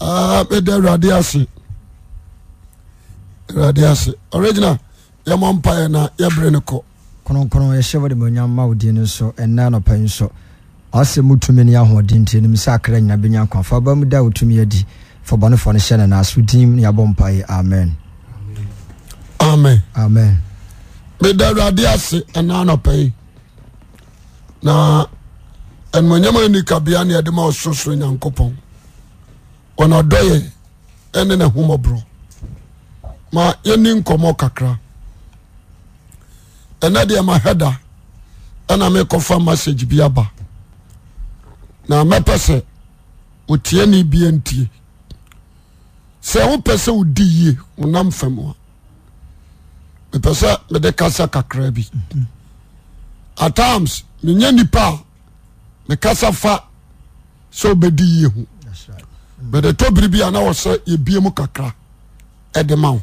Ah, mede awurade ase awurade ase original yɛmɔ mpaeɛ na yɛbere no kɔ kronkron yɛhyɛ wode manyam ma wo din no so nɔpa yi so ɔsɛ mu tumi ne ahoɔden nti anim sɛ akra nyina bɛnya nkwa fa ba mu da wotumi adi fa bɔnefoɔ no hyɛ ne amen amen amen meda awurade ase na nika bea ne yɛde ma ɔsorosoro wonadɔyɛ ɛnena homɔborɔ ma yɛni nkɔmɔ kakra ɛna deɛ ma heda ɛnamekɔfa massagebia aba na mɛpɛ sɛ wo tiɛ ni bia ntie sɛ wopɛ sɛ wodi yie wo nam fama mepɛ sɛ mede kasa kakra bi attimes menya nnipa a mekasa fa sɛ wobɛdi yie e ho mede to biribi ana wɔ sɛ yɛbiemu kakra ɛdemawo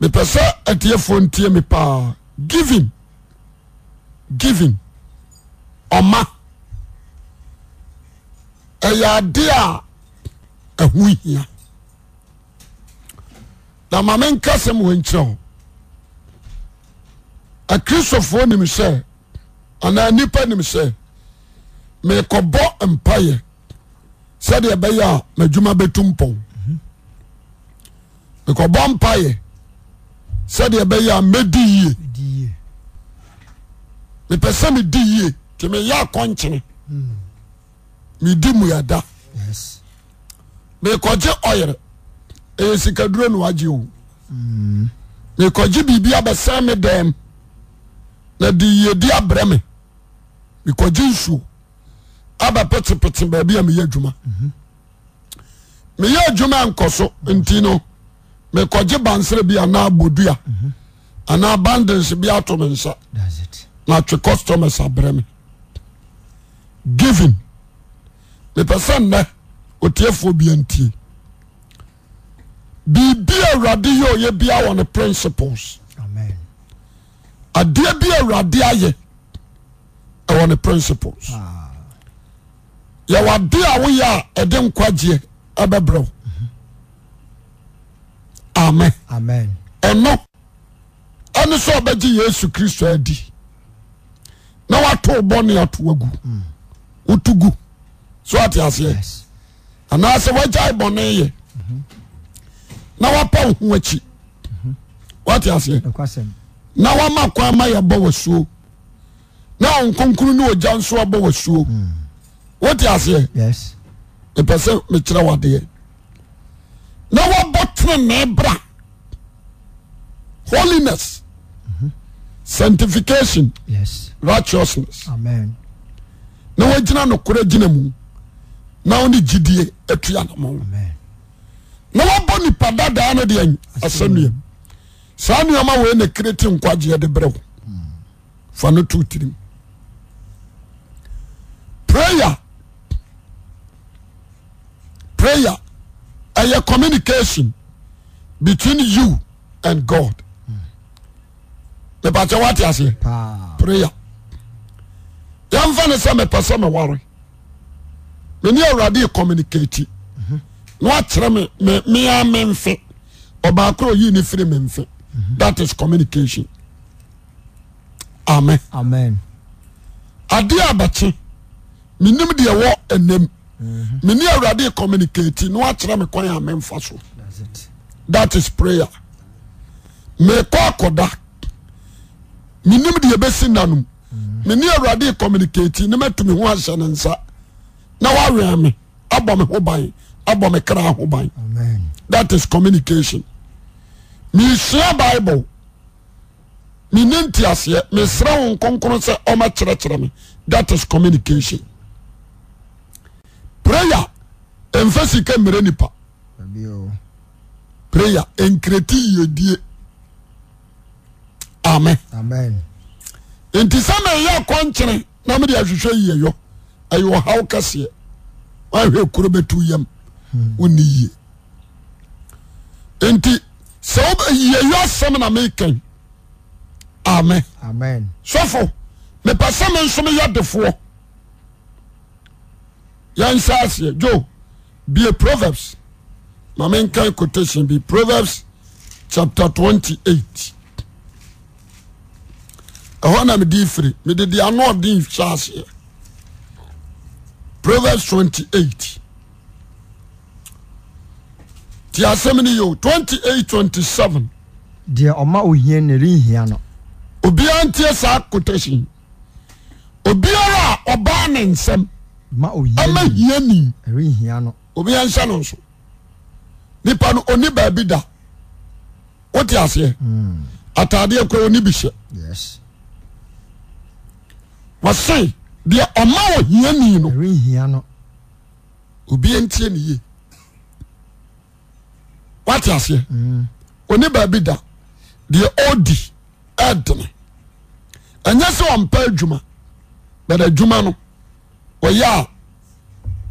mepɛ sɛ adiefoɔ ntie mepɛa givin givin ɔma ɛyɛ ade a ahu hia nama menkasɛ miwankyire o akristofoɔ nim sɛ anaa nnipa nim sɛ mekɔbɔ mpayɛ sediɛ beyea meaduma be tum pon mikobo mpaye sɛdiɛ beyea medi yie mipe se me diyie ti meya konkine midi muada mikogye oyere eyesikaduro nuwayeo mikogye biibia besen me dem na diiye dia bere me mikogye suo abapete pete baabia meyɛ adwuma meyɛ adwuma nkɔ so nti no mekɔgye bansera bi ana bodua anaa bandans bi atomensa na twe customers abre me given mepɛ sɛnnɛ otiefoɔ bianti biribia awurade yɛoyɛ biawɔne principles adeɛ bi awurade ayɛ ɛwɔne principles ah. yɛwɔde a woyɛ a ɛde nkwagyeɛ bɛbrɛwo amen ɛno ɛne sɛ ɔbɛgye yesu kristo adi na woatoo bɔne ato agu mm. woto gu so ate aseɛ anaasɛ woagyae bɔneyɛ mm-hmm. na woapa wo ho akyi mm-hmm. woate aseɛ na woama kwan ma yɛbɔ wasuo na ɔnkonkunu ne ɔgya nso abɔ wasuo mm. weti aseɛ epɛ se mekyerɛ wadeɛ na wɔbɔ tene nebra holiness mm-hmm. sanctification rightousness na wagyina nokora gyina mu na wone gidie atuanamoo na wɔbɔ nipa dadaa no deɛ ayi asanue saa nnuama weɛna kereti nkoagyeɛ deberɛo mm. fa no too tirim prayer prayer and your communication between you and god mepatɛ woate aseɛ prayer yɛmfa no sɛ mepɛ worry. meware mene already communicate na wakyerɛ me me memfe ɔbaakoro yii ne firi me mfe that is communication amen amen adeɛ abɛkye menim deɛ wɔ anem menni mm-hmm. awurade communiceti na waakyerɛ me kwn a memfa so thatis prayer mekɔ akɔda menim deɛ bɛsi nanom mm-hmm. menne awuradecommuniketi n matumiho ahyɛ ne nsa na woaweme aba me hoba aba me krahoba hatis communication misua bible mennintiaseɛ mesrɛ wo kronkr sɛ ɔmakyerɛkyerɛ me ais communication preye mfesi ke merenipa preye enkereti yedie ame nti se meya konkyere na mede ahwehwe yeyo eyowo hawo kesee mahwe kuro betuyam hmm. woniye nti yeyo asem na meiken ame sofo mepasemenso meya defoo yasyɛseɛ o bie proverbs namenkan qotation bi proverbs chapte 28 ɛhɔ namede fri medede anoɔdehyɛseɛ proverbs 28 tiasɛm no y 20827 deɛ ɔma oian reia no obiara ntesaa otatn ira ɔba ne s Ma ama hia ni obi anhyɛ no nso nipa no oni baabi da wote aseɛ ataadeɛ kora oni bi hyɛ wɔse deɛ ɔma o hia ni no obi ntie ne yie wate aseɛ oni baabi da deɛ ɔdi ɛdene ɛnyɛ sɛ ɔmpa adwuma bɛda adwuma no ɔyɛ a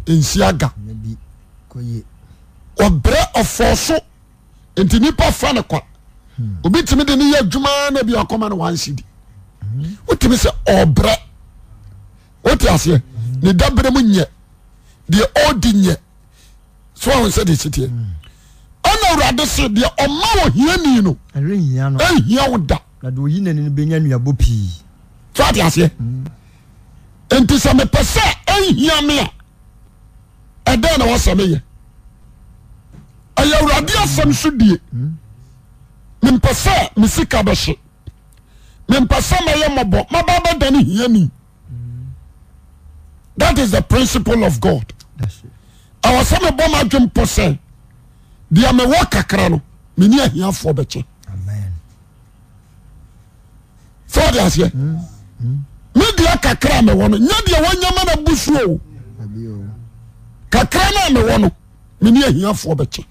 ɛnsi aga ɔbrɛ ɔfɔ so nti nipa fa no kwa hmm. obi timi de ne ya adwuma na biakoma no wansede hmm. wotimi sɛ ɔbrɛ wote aseɛ hmm. ne daberɛmu nyɛ deɛ ɔdi nyɛ sowaosɛ de kyeteɛ ana awurade se deɛ ɔma ɔ hia ni no ahia wo da na deyinani nya nuabo pii soate aseɛ nti sɛ mepɛ sɛ ɛhia me a ɛdɛn na wa sɛmeyɛ ɛyɛwurade asɛm so dee mempɛ sɛ me sika bɛhwe mempɛ sɛ mɛyɛ mɔbɔ mababɛdane hia ni thatis the principle of god ɛwɔ sɛ mebɔ m'adwenpɔ sɛ deɛ mewɔ kakra no meni ahiafoɔ bɛkye sɛdeaseɛ medeɛ kakra mɛwɔ no nya deɛ wanyama na busuoo kakra no amɛwɔ no meni ahiafoɔ bɛkyɛ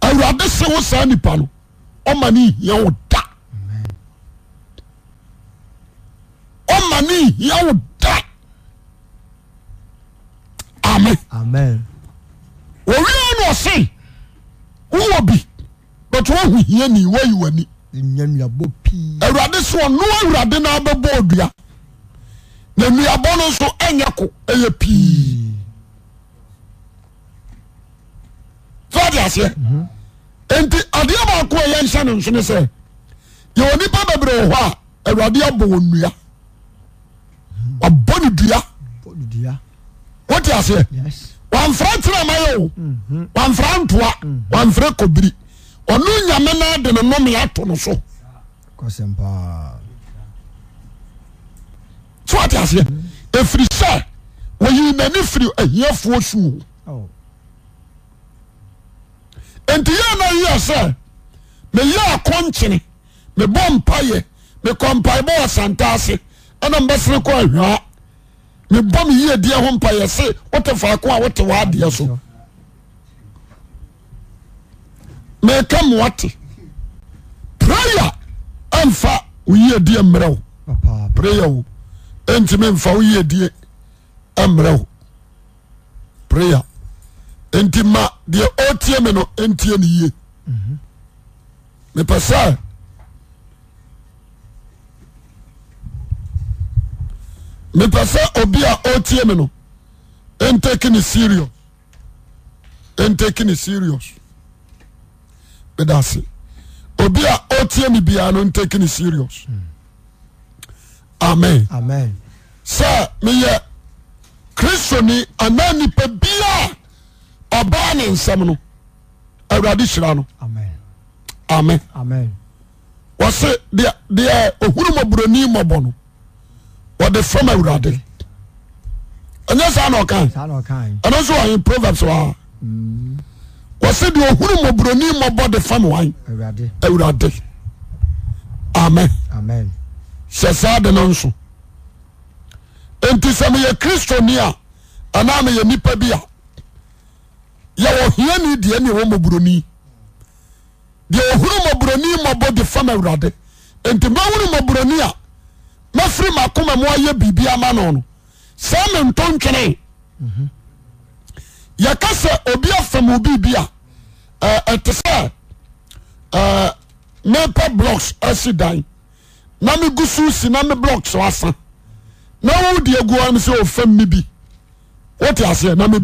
awurade se wo saa nnipa no ɔma ne hia wo da ɔma ne nhia wo da ame ɔwi noɔse wowɔ bi but wohu hia ni woayiwani nyanuabɔ pii. awurade sọ ọnu awurade náà bẹ bọ na nnuabọ no nso ẹnyẹ ko ẹyẹ pii fọdí aseɛ mhm. nti adeɛ baako a yɛn nhyɛ ne nso ne sɛ yɛwɔ nipa bebree wɔ hɔ a awurade abɔ wɔn nnua wabɔ ne dua wọ́n ti aseɛ wàmfra tìrẹ̀mà o mhm. wàmfra ntoma mhm. wàmfra kòbiri. ɔno nyameno adene no meato no so sowateaseɛ ɛfiri sɛ oyi nani firi ahiafoɔ suoo enti yɛna yia sɛ meyɛakonkyene mebɔ mpayɛ mekɔmpabɛɔ asanta ase ɛna mbɛsere koahwia mebɔ meyie deɛ ho mpayɛ se wote fa ko a wote waadeɛ so meeke mowate preye mfa oye di mereo preyao entime m fa woye die amereo preye enti ma deɛ otie me no entieni mhm. ye me pe se obia otie meno entekiniser ntekini serious bdase obia ɔtie no biara no nteki ne serious amena sɛ meyɛ kristoni ama nnipa bia ɔbaa ne nsɛm no awurade hyira no ame wɔse deɛ ohurumɔburoni mɔbɔ no wɔde fram awurade ɛnyɛ saa noɔkan ɛno nso wɔe proverbs waa wɔ sɛdeɛ ɔhunuɔbroni mɔbɔde fam wa awurade ame hyɛ saa de no nso nti sɛ meyɛ kristoni a ana meyɛ nnipa bi a yɛwɔ hiani deɛ niwɔabroni deɛ ɔhuruabroni bɔde fame awurade nti mɛhunumabroni a mɛfiri makoma moayɛ biribia ma no no sɛ mento ntwene mhm. yɛka sɛ obi afam obibi a ɛte sɛ mepɛ bloks asi dan na megu sosi na me blokso asan na wde g wm sɛfambɛa biisinamwbi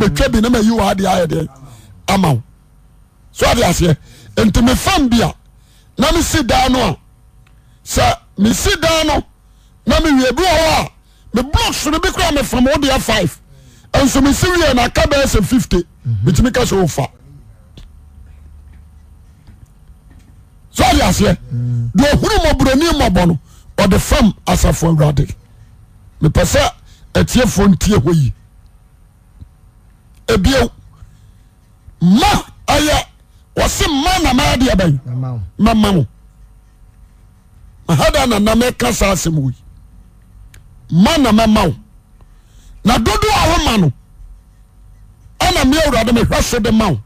wɔh a mebloksono bi koraa mefamo wodea5i nso mi si na aka bɛyɛ sɛ fifty bitumi ka sɛ o fa sɔɔdi aseɛ deɛ ohuru mɔburoni mɔbɔ no ɔde fam asafo awurade mepɛ sɛ ɛtiɛfo ntie hɔ yi ebiew ma ɛyɛ wɔsi ma na ma adeɛ bɛyi ma ma wo mahada na nam ɛka saa asɛm wo yi ma na ma ma wo. na dodoɔ a wo ma no ɛna meɛ wurade mehwɛ so de ma wo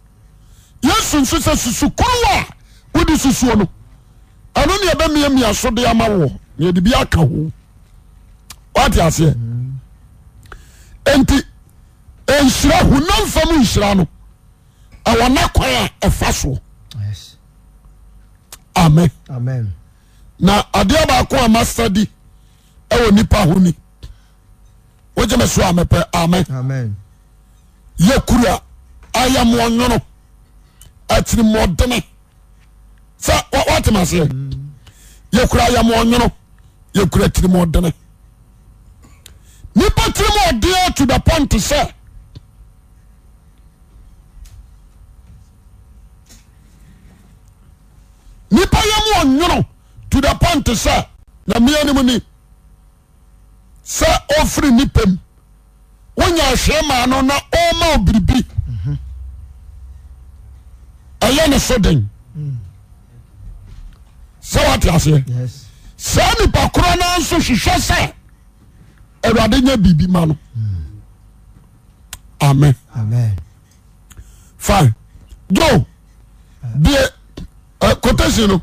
yɛsu nso sɛ susukuru a wode susuo no ano ne bɛmia mmia sode ama woɔ nedibi aka howaaseɛ nti nhyira hunamfam nhyira no wɔ n'a kwae a ɛfa soɔ ame na adeɛbaako amasadihon wejeme so ame pe ame yekura ayamooyono atiri mo dene sa watimesee mm. yekura ayamuyono yekura atiri modene nipa tirimoode tu the point se nipa ymoyono to the point se na mianimuni sɛ ɔfiri nnipem wonya ɛhweɛ ma no na ɔrma obiribi ɛyɛ no so den sɛ woate aseɛ sɛa nnipa kora no nso hwehwɛ sɛ awurade nyɛ biribi ma no amena fai jo biɛ kotasi no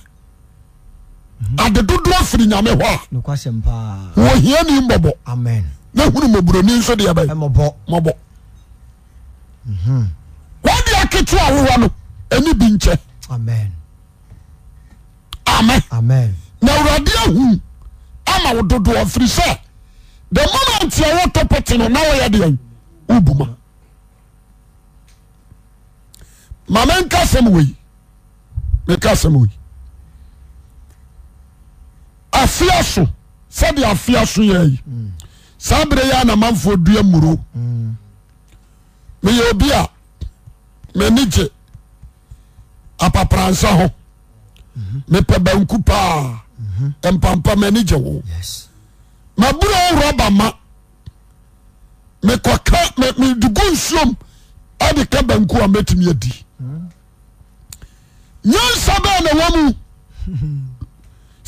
ade dodoɔ firi nyame hɔ a ɔ hiani mɔbɔ na hunu mɔbroni nso deɛbɛbɔ mhm. wode aketwe awowɔ no ɛni bi nkyɛ ame na awurade ahu ama wododoɔ firi sɛ the moment a wo topote no na woyɛ dea wobuma mamɛnkasɛmweikasɛei fia so sede afia so ye sa bere ye namafo dua muro meyo obia menigye apapranse ho mepe banku paa mpapa menigye wo maburo wuro ba ma meamedugu nsuo adeka banku a metimi adi hmm. yansa benawamu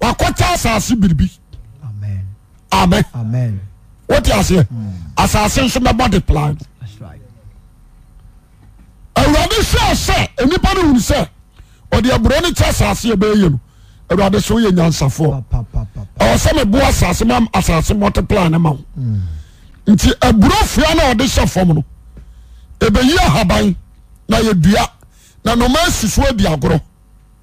wakɔta asase biribi amen wote aseɛ hmm. asase nso bɛbɔ de plan awurade hwɛ sɛ nnipa no hunu sɛ ɔde aburo no kyɛ asase ɛbɛyɛ no awurade so woyɛ nyansafoɔ ɛwɔ sɛ meboa asase ma asase multiply no ma wo hmm. nti aburo fua no ɔde hyɛ fam no ɛbɛyi ahaban na yɛdua na noma asi so adi agorɔ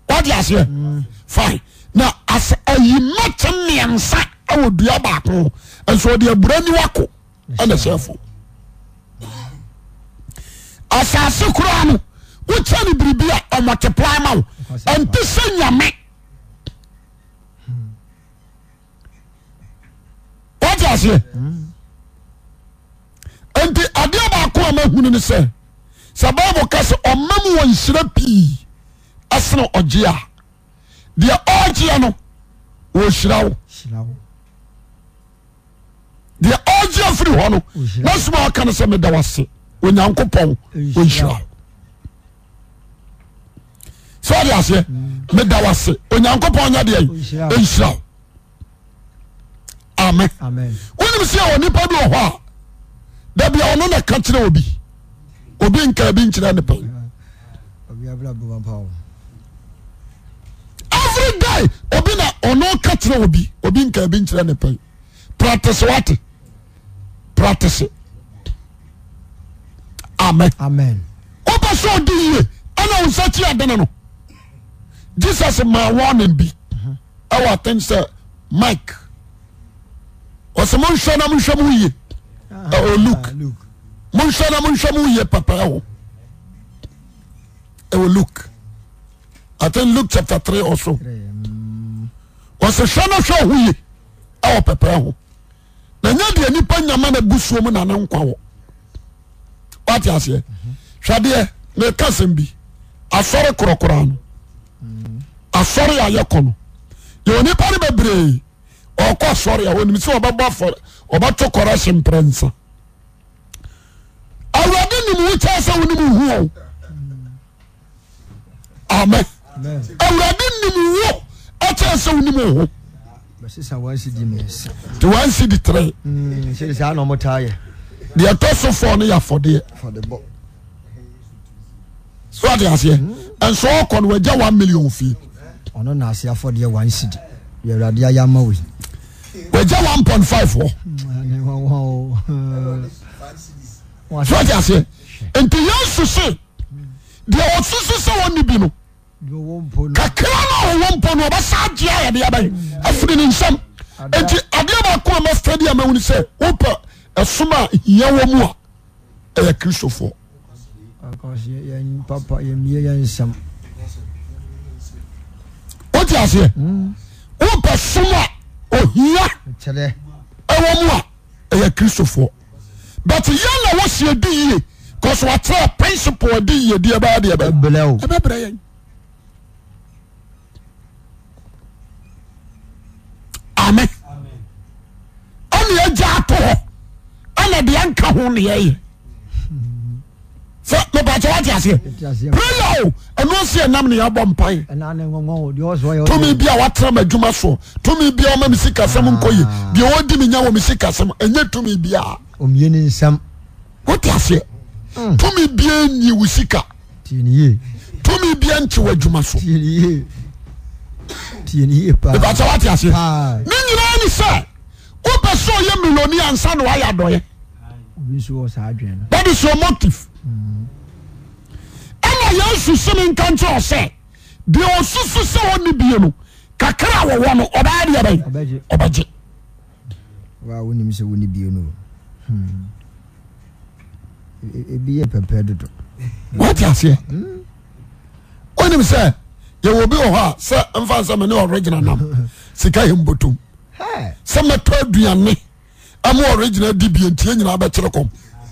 wade aseɛ hmm. fine na as ayimate mmiɛnsa wɔ dua baako nso ɔde abura ni wako ɛna sɛfo asase koraa no wokyɛ no biribi a ɔmɔtepla ma wo ɛnte sɛ nyame wote aseɛ nti adeɛ baako a mahunu no sɛ sɛ bible ka sɛ ɔma mu wɔ nhyira pii ɛsene ɔgye a deɛ ɔgyea no wɔrhyira wo deɛ ɔgyea firi hɔ nonasoma waka no sɛ meda wose onyankopɔn ɔnhyirao sɛ odeɛ aseɛ mm. meda wose onyankopɔn anya deɛn ɛnhyirao ame wonim sɛ ɔ nipa bi wɔ hɔ a da biawono naka kyerɛ obi obi nkara bi nkyerɛ nne pɛi da obina ɔne ka kerɛ obi obi nka bi nkyira ne pɛi pratese wate prates amen wobɛ sɛ odiye ana onsa ki adene no jesus ma wanebi uh-huh. ɛwa aten se mike ose monsɛ no monswa mo ye o luk monsɛ no monswɛ mo ye pepaao wolk ati luke chape 3 so sɛ hwɛ no hwɛ hoye wɔ pɛpɛ ho ayde nia yaana naa ɛ hwɛeɛ kasɛmbi asɔre krokra asɔre ayɛko nipa no babr ɔ aenaempasa re nimo kisa onm hu m awurade nim wo ɛkyɛ sɛ wonim wo nti wansi di tere hmm, deɛ ɛtɔ so fɔ no yɛ afɔdeɛ so ade aseɛ ɛnso ɔkɔ no wagya 1 million fie ɔno na ase afɔdeɛ wansi di yɛ awurade ayɛ ama wei wagya 1.5 wɔ hmm, so ade aseɛ nti yɛnsu se deɛ ɔsusu sɛ wɔne bi no kakra nwomponoɛsa ea de afn ns nti adebakama stadiamawen s wopɛ som a hia wmua ɛyɛ kristofoɔ otiaseɛ hmm. wopɛ som a ohia wmu a ɛyɛ kristofɔ but yaa wosiɛ diye bswtɛ prinipleadyedde mɛneɛgya atoɔ ɛna deɛ nka ho neyɛyɛ ɛ mepaky wateaseɛpreyao ɛno siɛ nam neɛbɔ mpa tumi biaa watrama adwuma soɔ tumi bia oma me sika sɛm nkɔ ye ah. biowɔdi menya wɔm sika sɛm ɛnyɛ tumibia a woteaseɛ tumi bia mm. yi wo sika tumi bia nkyewo adwuma so tie eh, ni yie paa ìbàtà wà á ti àṣẹ mi nyinaa ni sẹ o bẹ sọ yẹ mílíọ̀nù yà nsá ni wà á yà dọ̀ yẹ obi nso wọ saa adwene no that is your motive ɛna mm. yɛn susu mi o nkyɛn ɔsɛ o ɔsusu sɛ o ni bie no kakra a wɔwɔ no ɔbaa deɛ bɛyi ɔbɛgye wa a wɔnim sɛ wɔn ni bie no hmm. e-, e-, ebi yɛ pɛpɛ dodo wɔte aseɛ hmm. wɔnim sɛ. yɛwoobi wɔ hɔ a sɛ mfane sɛ mene origina nam sika hembotom sɛ mɛto aduane mo origina dibintinyina bɛkyere komwtase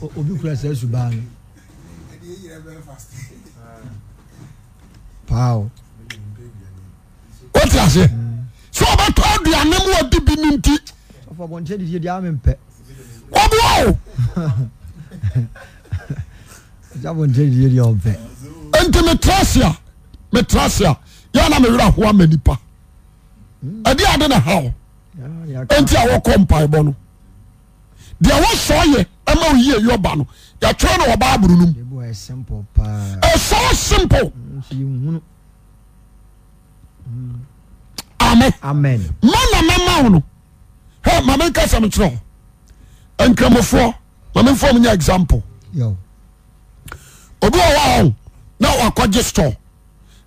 sɛobɛtɔ aduane mowadibi no ntiobinerse metrasea yɛna mewerɛ hoa ma nipa ɛde ade na haw enti a wɔkɔ mpaebɔ no deɛ wosɔɔ yɛ ma oyie yɔba no yɛtwerɛ no wɔbaaboro no m ɛsɔɔ simple mm, mm. amen mana mɛma wo no hɛ ma menka sɛ mekyerɛ hɔ nkramofoɔ ma memfoɔ example obi wɔ wɔ hɔ na wakɔgye store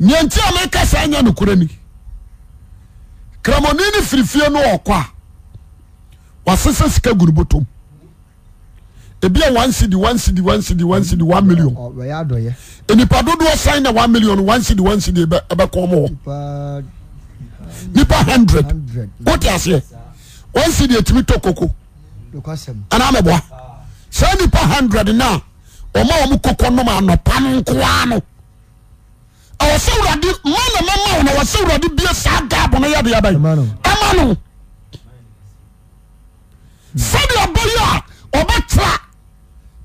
neantiameke sa ya nokorani kramnne firifie nokoa wasesa sika gunbotom biasdillinipa ddsiadtio ɛwɔ sɛ wurade mana mama wo na wɔ sɛ wurade bie saa gaabo no yɛde yɛbɛn ɛma no sɛdeɛ ɔbɛyɛ a ɔbɛtra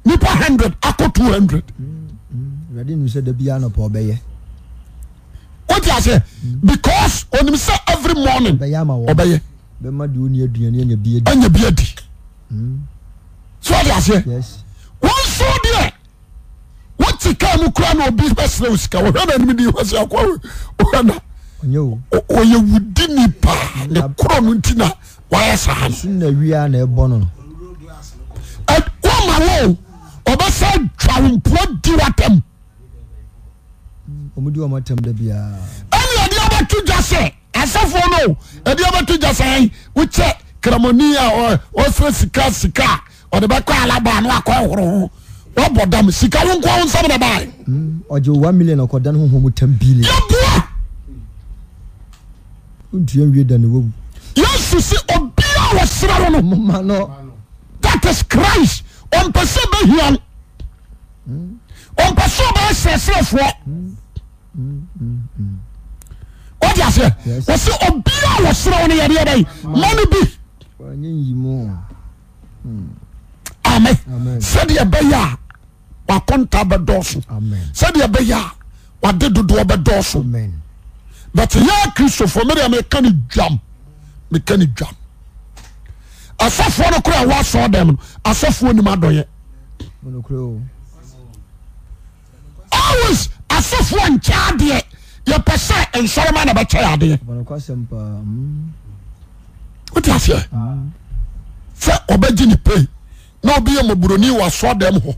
nipa hundred akɔ two hundred. wurade nim sɛ da bi anɔpɔ ɔbɛyɛ. wote aseɛ because onim sɛ every morning ɔbɛyɛ bɛma deɛ ɔni aduane anya bi adi anya bi adi hmm. so wote aseɛ wɔn nso deɛ. skamukranserska ywudinipa ekrono ti ysnoma bɛsɛ aonpdi watm enade bato gase asefo no d btoase i wok kramoni sere sika sika odeɛkalabanakohoroo wɔdam sikawo nkommillionan yesu sɛ obia wɔ serw no tatis crist ɔmpɛsɛ bɛhi ɔmpɛsɛɛyɛsɛseɛfoɔɛɛ wɔ serwn yɛɛmano m sɛdeɛ bɛyɛ wakont bɛdso sɛdeɛ bɛɛ wadedod bɛdso but ya kristof meemeka k a asafoɔ nokro waso demo asafo nim dy lw asafoɔ nkyadeɛ ypɛsɛ nsoromanabɛkadeɛ mm. mm. gen pe na obiyɛmɔboroni wa soadɛm hɔ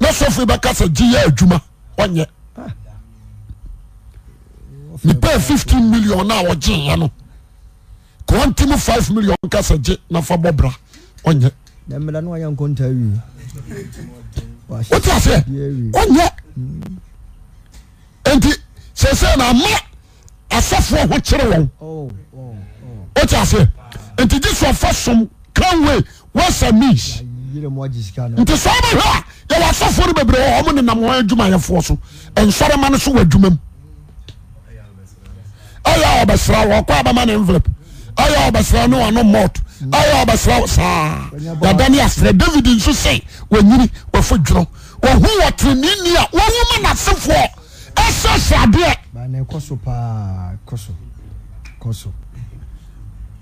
na asufo bɛkasɛ gye yɛ adwuma ɔnyɛnipaa5 million naa ɔgyeyɛ no ka wantim 5 million kasa gye nafa bɔbra ɛwtsɛma asfoɔ ho kyerɛ wng fa som kawe wasa me nti sɛ wobɛhwɛ a yɛwɔ asɔfoɔ no bebree ɔmo nenam wɔn adwumayɛfoɔ so nsɔrema no so wɔ adwuma mu ɛyɛ ɔbɛsra wɔkɔ abama ne envelope ɛyɛ ɔbɛsra no wano mort ɛyɛ ɔbɛsra wo saa dada ne asrɛ david nso se wanyini wɔfo dworɔ wɔho wɔ treneni a wɔwoma n'asefoɔ ɛsɛ sradeɛ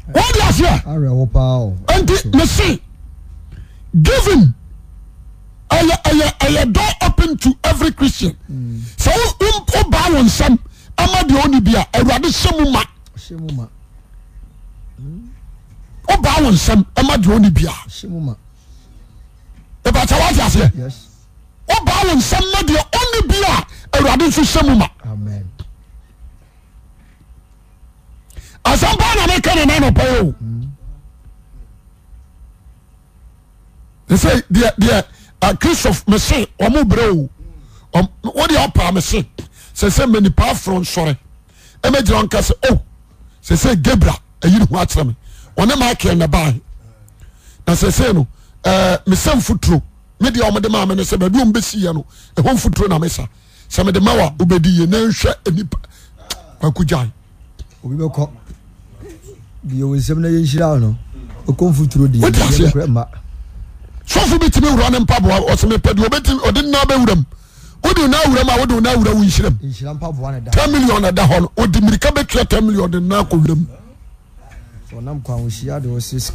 wode aseɛ nti mese given ɛyɛ do open to every christian sɛoba sm mad ona mwos madeɛ onbi batawateaseɛ woba o nsɛm madeɛ onebi a awuade nso samu ma asam po anamekenenanopoo sechrisoph mese omo brd pamese seeeniao o aeaeesef a bieko sa yeio kof sofo bɛ tumi wura no mpaboa smpɛdɛde n ɛwram wodenwrawnwora10 millionnadah demirka ɛa 10 millinenwwosɛ ɔnam koa hono ia deɛ sɛɛsɛ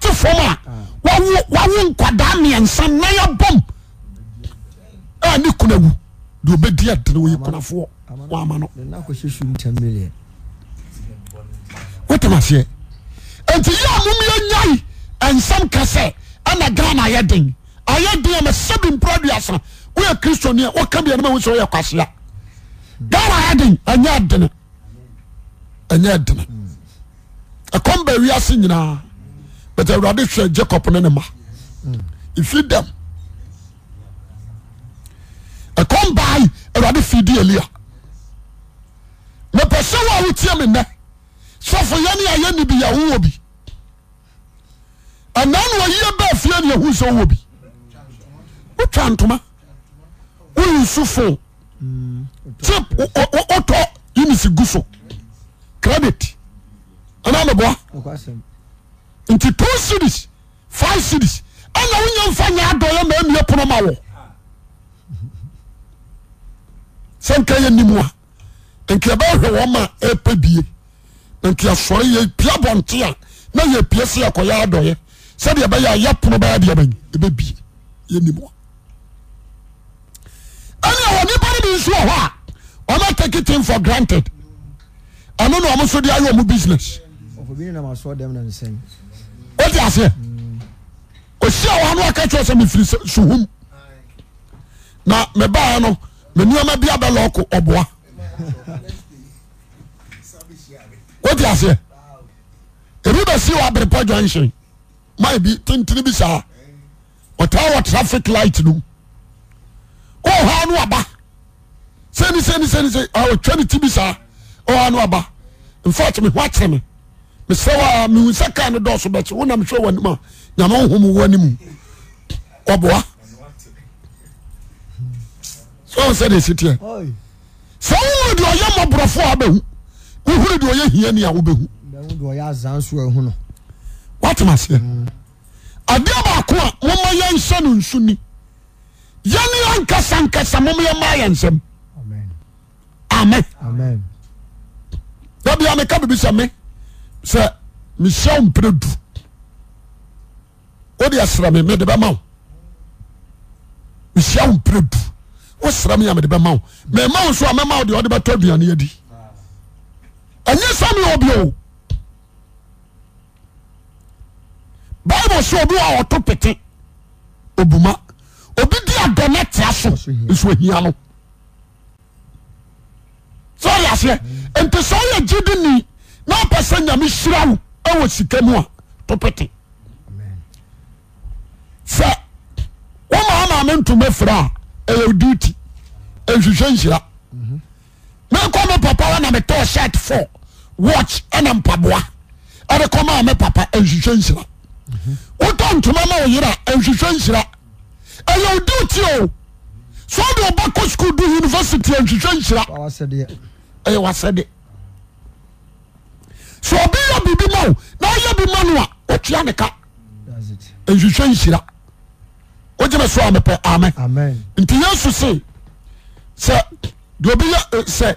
te fom a wawo nkda miɛnsanayɛbom ne kona wu de obɛdiankonafoa aseɛ nti yɛ a mom yɛnyai ɛnsɛm kɛsɛ ɛna ghana yɛ den ayɛ den ama sɛbi mpura aduasa woyɛ kristoni a woka bianom a wo sɛ woyɛ kwasea ghana yɛ den ɛnyɛ dene ɛnyɛ dene ɛkɔm ba wiase nyinaa but awurade hwɛ jacob ne ne ma ifi dɛm ɛkɔm baa yi awurade fidi elia mepɛ sɛ wo a wotie me nnɛ sɔfo yɛne ni ne bi yɛho wɔ bi ɛnaa na ɔyie bɛɛ fie ne yɛhu sɛ wowɔ bi wotwa ntoma woyinsu fo tip wotɔ yinisi gu so credit ɛnaa meboa nti two cities five cities ɛna wonya mfa nyɛ adɔyɛ ma amie pono ma wɔ sɛ nka yɛ nim a nka yɛbɛhwɛ wɔ ma ɛpɛ bie srepia bonte naypieseko yɛdɛɛpɛ nhoni bane mensuhɔa ɔnetakitim fo granted nenmsod ymu business anka s mefirisoho n meano meniaa biaɛloko boa wodi aseɛ ebi bɛsi wɔ abiripɔ junction maa bi tentene bi saa ɔtaa wɔ traffic light no ɔha no aba sɛni sɛni sɛni sɛ ɔtwa ne ti bi saa ɔha no aba nfaat mi hɔ akyerɛ mi mesɛ wa mihu sɛ kaa ne dɔɔso bɛkyi wonam hwɛ wɔ anim a nyame nhom wɔ anim ɔboa sɛ sɛ de ɛsi teɛ sɛ wowɔ deɛ ɔyɛ mmɔborɔfoɔ abɛhu wtms adeobaakoa moma yansano nsuni yeniya nkasankasa moma yɛ mayɛ nsam ame ebia meka bebise me sɛ mesiawo pera du wodeserame mede ma ia prad woserema ɛnyesami obio bible so obi wawɔto pite obuma obidiadɔnetea so nsahia no sɛnt sɛ oyɛ gyideni napɛ sɛ nyamehyira o wɔ sikamu a to pt sɛ womaonamantomafirɛ a yɛdite nhwehwa nhira enpapaa namet se fo t anapaboa erekomame papa answewa nsira wotontoma ma oyerea anweswa nsira eyeodiotio sode obako scool d university nwwa nsira ywsɛde so obi ya bibi ma naya bi ma na otea neka anwuswa nsira ogyeme soamep me nti yesu se se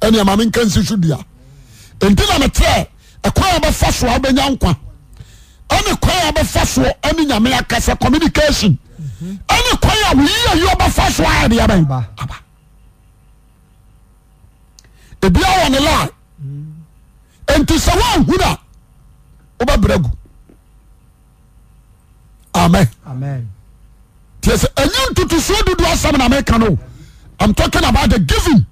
nesisodentinamete kwabefas yaka n kfas ne ya kas communication n koyifasd bi ne l nti sawohun obabragme ye ntotose dd sekaalinoa given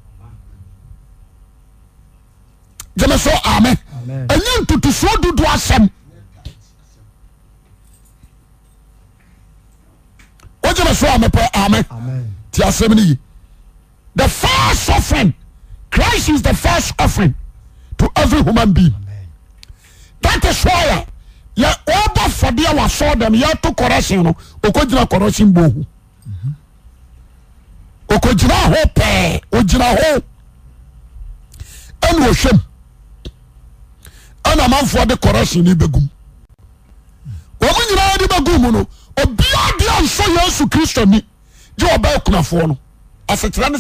ɛogs ti asɛ n y the first offeren christ is the first offeren to every human bein thatis why ofdeɛwsodem yɛto koreen no ɔkogyina koresen boh kgyinah pgnah namafoɔ de kɔrasenobɛg ɔ m nyinade bɛgu mu no ɔbiabia nsa yesu kristoni geɔbaa kunafoɔ no kyerɛ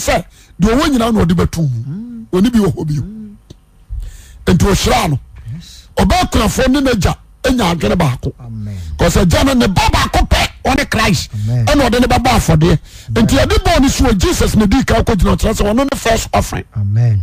nɛ yinaneba baako pɛ ne cris ndn ɛaɛ njeusaɔn first ferin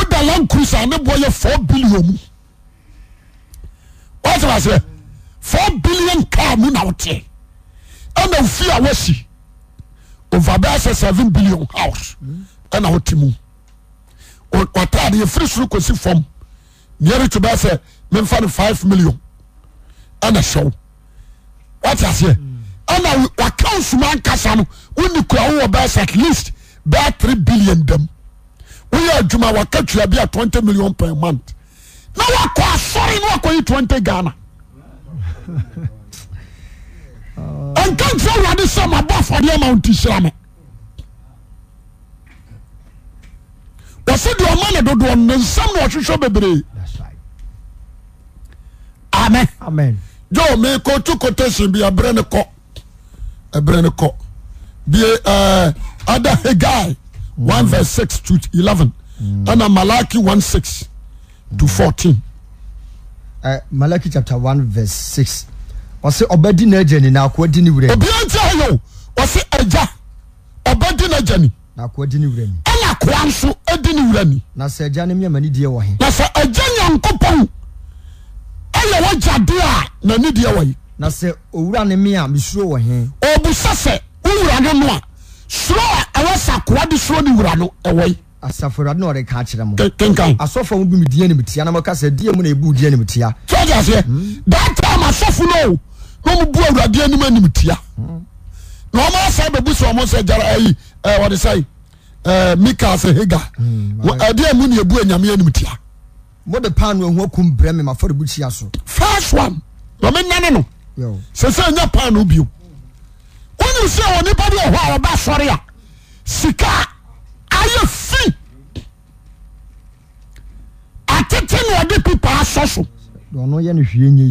odalankresane bo yɛ fo billion mu ɛ for billion ka munawot naofieawsi ofa bɛɛsɛ sen billion hournawotim tdfiri soro kosi fom aretw bɛsɛ memfano fi million na sɛosuma nkasa wonraoɛsɛ atleast bɛ tre billion dam dwkataa 20 million per month nwɔ asreni t0 gn katde sembdmati serame wsede omane ddn nsam na shwesw bebre amen jo me kotu kotesen bi berene k bere ne ko b adahgui 611 ana malake 16 maak c16ɔs ɔbadi ngani naobia nti ayɛ ɔ se agya ɔba di noagya nia di wrni ɛna koa nso adi ne wura ni na sɛ agya n m a'andiɛ wɔ he na sɛ agya nyankopɔn ɛyɛ wɔgya deɛ a nanidiɛ wɔyi na sɛ ɔwura ne me a mesuro wɔ he ɔbu sa sɛ wowurane noa suro a ɛwɔ sakoa de suro de wura no ɛwɔ yi. asafo awurade na ɔde ka akyerɛ mu. kankan. asɔfo ahun bi mi di anim tia na mo kasa di emu na ebu di anim tia. sɔɔdi aseɛ mhm. that time asɔfo no na ɔmo bu awurade anim anim tia mhm. na ɔmo asa bɛbu sɛ ɔmo sɛ gyara ayi ɛɛ wɔde sɛ mhm. ɛɛ mika sɛ hega ɛdi emu na ebu enyame anim tia. mo de paanu ehun okun brɛ mi ma fɔ de bu tia so. first one na mi nane no sɛ sɛ n yɛ wonim sɛ ɔ nipa bi wɔhɔ a ɔbɛ sɔre a sika ayɛ fi atete no ɔde pipaasɛ so nno iey ɔno yɛ no ie ye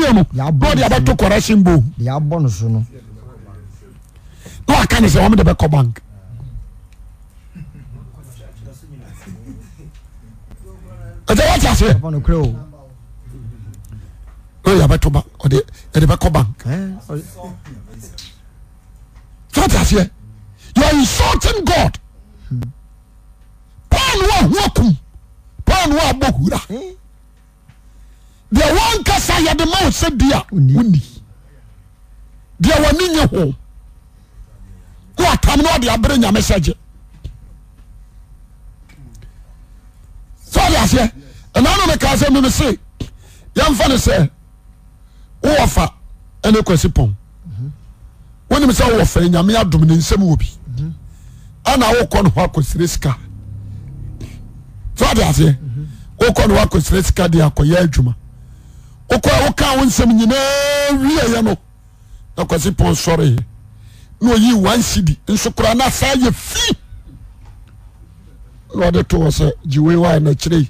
ye node bɛo kasenbo aɔ nsono wkane s mede bɛkɔ bank adebɛkɔ ba soate aseɛ yɛ insoltin god paw nowa aho akum pawa nowa abɔ hura eh? deɛ wankasa yɛde ma o sɛ di a oni deɛwaane nye ho na watamno ade abere nyamesɛge sowate aseɛ ɛna noneka sɛ mime se yɛmfano sɛ wowɔ fa ɛne kwasi pɔn woni sɛ wowɔ fa nyame adomne nsɛm wɔ bi ana wokɔ nhɔ kɔsere sika desɛɔɔsre sia deɛ kɔɛ dwuma wkoa woka wo nsɛm nyinaa wiɛ no na kwasi p sɔreɛ na ɔyiansidi nsokora na saa yɛ fi a ɔde tɔ sɛ gwei waɛnakrɛi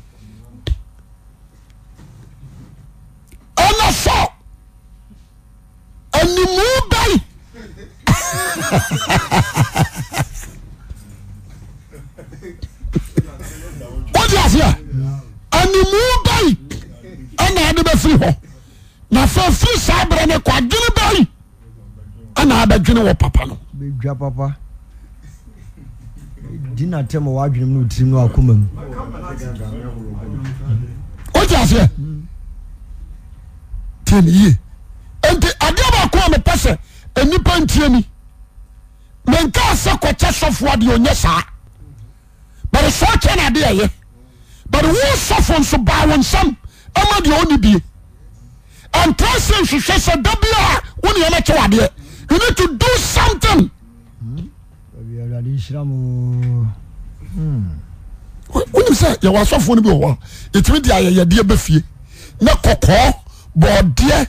wotaseɛ animu bai anaa de bɛfiri hɔ na fafiri saa berɛne kwadwene bai anaa bɛdwene wɔ papa no bewa papa inatmwadwenem no tirmakoamu woaseɛ nti adeɛ baako a mepɛ sɛ nnipa ntie ni menkaa sɛ kɔkyɛ sɔfoɔ adeɛ ɔnyɛ saa but sɛ ɔkyɛ no adeɛ ɛyɛ but wo sɔfo nso baa wo nsam ama deɛ ɔni bie ɛntra sɛ nhwehwɛ sɛ da bi a wo nneɛma kyɛ wadeɛ you need to do something hmm. wonim sɛ yɛwɔ asɔfoɔ no bi wɔ hɔ a ɛtumi de ayɛyɛdeɛ bɛfie na kɔkɔɔ bɔɔdeɛ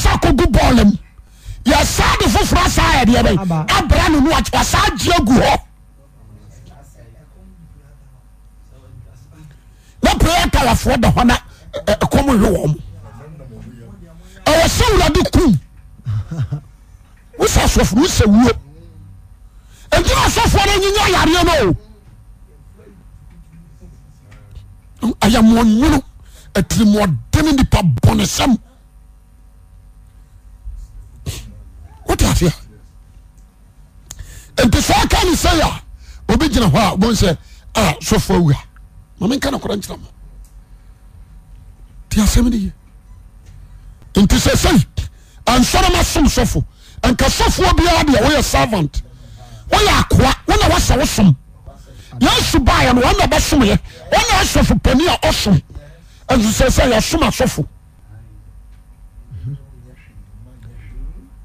sekogobolem yesade foforo saederasai guho ptaafuo den kome wsewrde ku wosesof wosewo tim asefun yiya yaromymoo tirimdem nipa bonse tafia nti saa kane seia obɛgyina hɔ a obosɛ sofo awa mameka nakora yiram tiasmideye nti sɛse ansarem asom sofo nka sofo biara dea woyɛ sevant woyɛ akoa onewasa wosom yasuban nabɛsomɛ sfo pana sosɛsɛ ysomsofo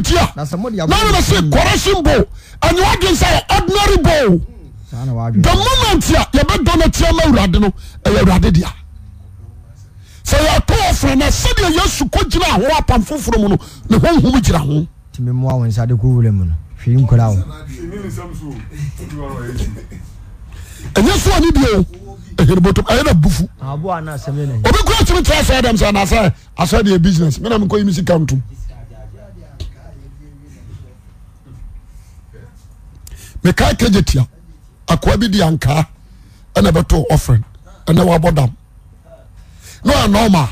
wotia na wọn bɛ se correction bowl ɛni wọn gbin sɛ ordinary bowl the moment a yɛbɛ dɔn na tia ma awurade no ɛyɛ awurade dia sɛ yɛtɔ ɔfrɛ na sɛdeɛ yɛsu ko gyina ahoɔ apam foforɔ mu no ne ho nhum gyina ho tumi mu awọn nsa de ko wura mu no hwee nkora wo ɛnyɛ so ani bio ehiribotom ɛyɛ na bufu obi kura tumi kyerɛ sɛ dɛm sɛ anasɛ asɛ deɛ business mena mekɔ yi mi sika ntom mekae kagye tia akoa bi di ankaa ɛna bɛto offering ɛna wabɔ dam ne anɔma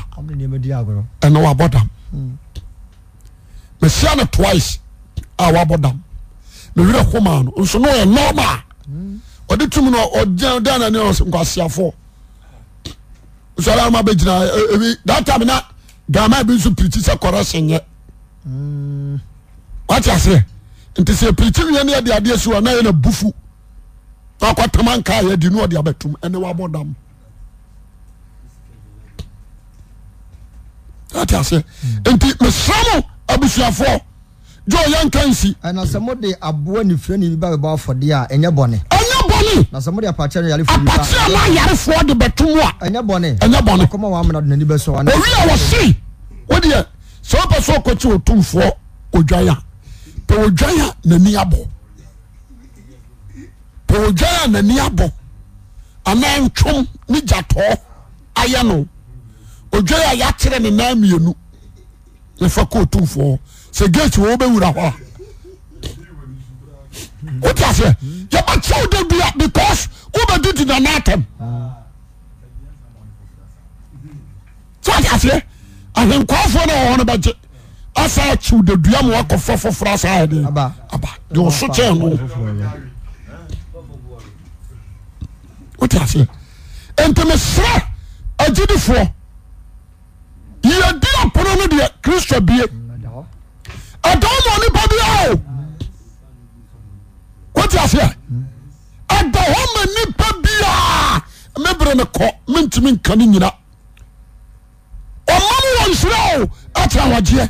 ɛna wabɔ dam mesia no twice a wabɔ dam mewerɛ homa no nso ne ɔyɛ nɔma ɔde tum no ɔdanani nkwasiafoɔ nsɔre ama bɛgyina ebi that time na gama bi nso pirikyi sɛ correction yɛ mm. wate aseɛ nti sɛ pritiwia ne yɛde ade soanyɛna buf tama kdimesam abusuafoɔ u yanka sismode anfrand y pɛsotmf poja nanib pooja a nanibo ana ntwom neja to ayano ojaa ya kere ne naamienu nefa kt fo se gei wɔobɛwura hoa wotasɛ yɛɔkɛ wode a because wobedu te nanatem stasɛ aenkonfo non ae asa akyiw de dua mu akɔfɔ foforɔ asa ayɛ de aba de ɔso kyɛn no wote aseɛ ntemesrɛ agyidifoɔ yɛdi apono no deɛ kristo bie ɛdɔn ma nipa bi ao wote aseɛ ɛdɔ hɔ ma nipa bi a mebere ne kɔ mentimi nka ne nyina ɔma no wɔ nhyerɛ o akyerɛ wɔgyeɛ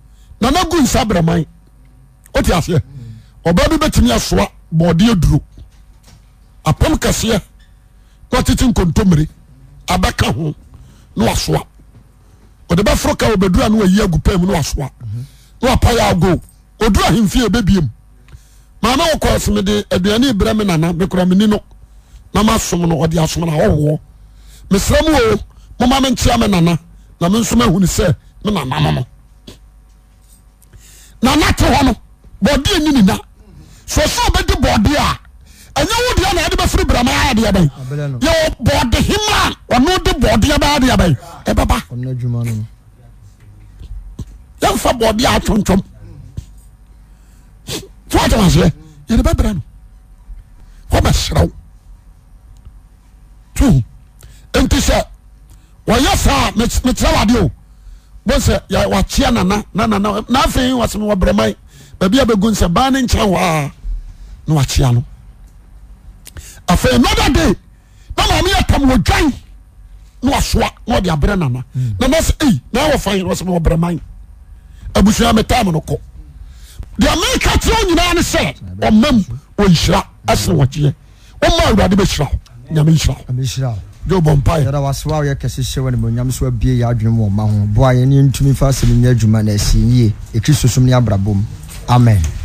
na na gu nsa braman wote aseɛ ɔbaa bi bɛtumi asoa bɔɔdeɛ duro apam kɛseɛ na ɔtete nkontommire abɛka ho na wasoa ɔde bɛforo ka wɔbɛdura na wayi agu paa mu na wasoa na wapayɛ ago ɔduru ahemfie ɛbɛbiem maame wɔkɔ ɛsomede aduane brɛ me nana mekora meni no na masom no ɔde asom no ɔwoɔ mesrɛ mu o moma menkyea me nana na me nso mahunu sɛ me nana no no nanato hno bodea ninina sɛ sɛ obɛde bodey a ɛyawodeanaadebɛfere brama deaa bode hemra ne eea yamfa bode atwotwoɛe ɛserɛ nti sɛ yɛ sa eterawadeo bsɛwaka nanaɛ ana aka o mɛdade a mamyɛ tam a na ameao demaka era yina n sɛ ma ira sen wakɛ wɔma wrade bɛsyira o yama yirao jo bɔ mpa yɛ. wa sọ awọ yɛ kɛse hyɛ wɔn ni onyam so abie yɛ adwene wɔn ma ho bɔ a fa asɛm nyɛ adwuma na ɛsi yie ekiri sosom ni abrabom amen.